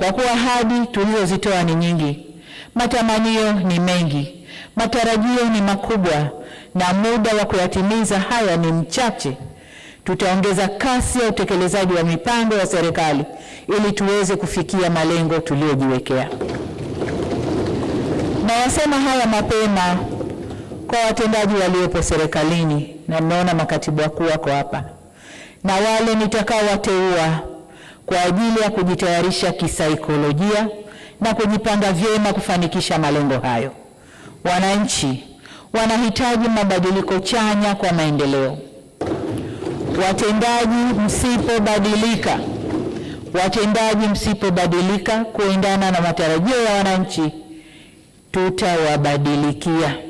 kwa kuwa ahadi tulizozitoa ni nyingi, matamanio ni mengi, matarajio ni makubwa, na muda wa kuyatimiza haya ni mchache. Tutaongeza kasi ya utekelezaji wa mipango ya serikali ili tuweze kufikia malengo tuliyojiwekea. Nayasema haya mapema kwa watendaji waliopo serikalini, na nimeona makatibu wakuu wako hapa na wale nitakaowateua kwa ajili ya kujitayarisha kisaikolojia na kujipanga vyema kufanikisha malengo hayo. Wananchi wanahitaji mabadiliko chanya kwa maendeleo. Watendaji msipobadilika, watendaji msipobadilika kuendana na matarajio ya wananchi, tutawabadilikia.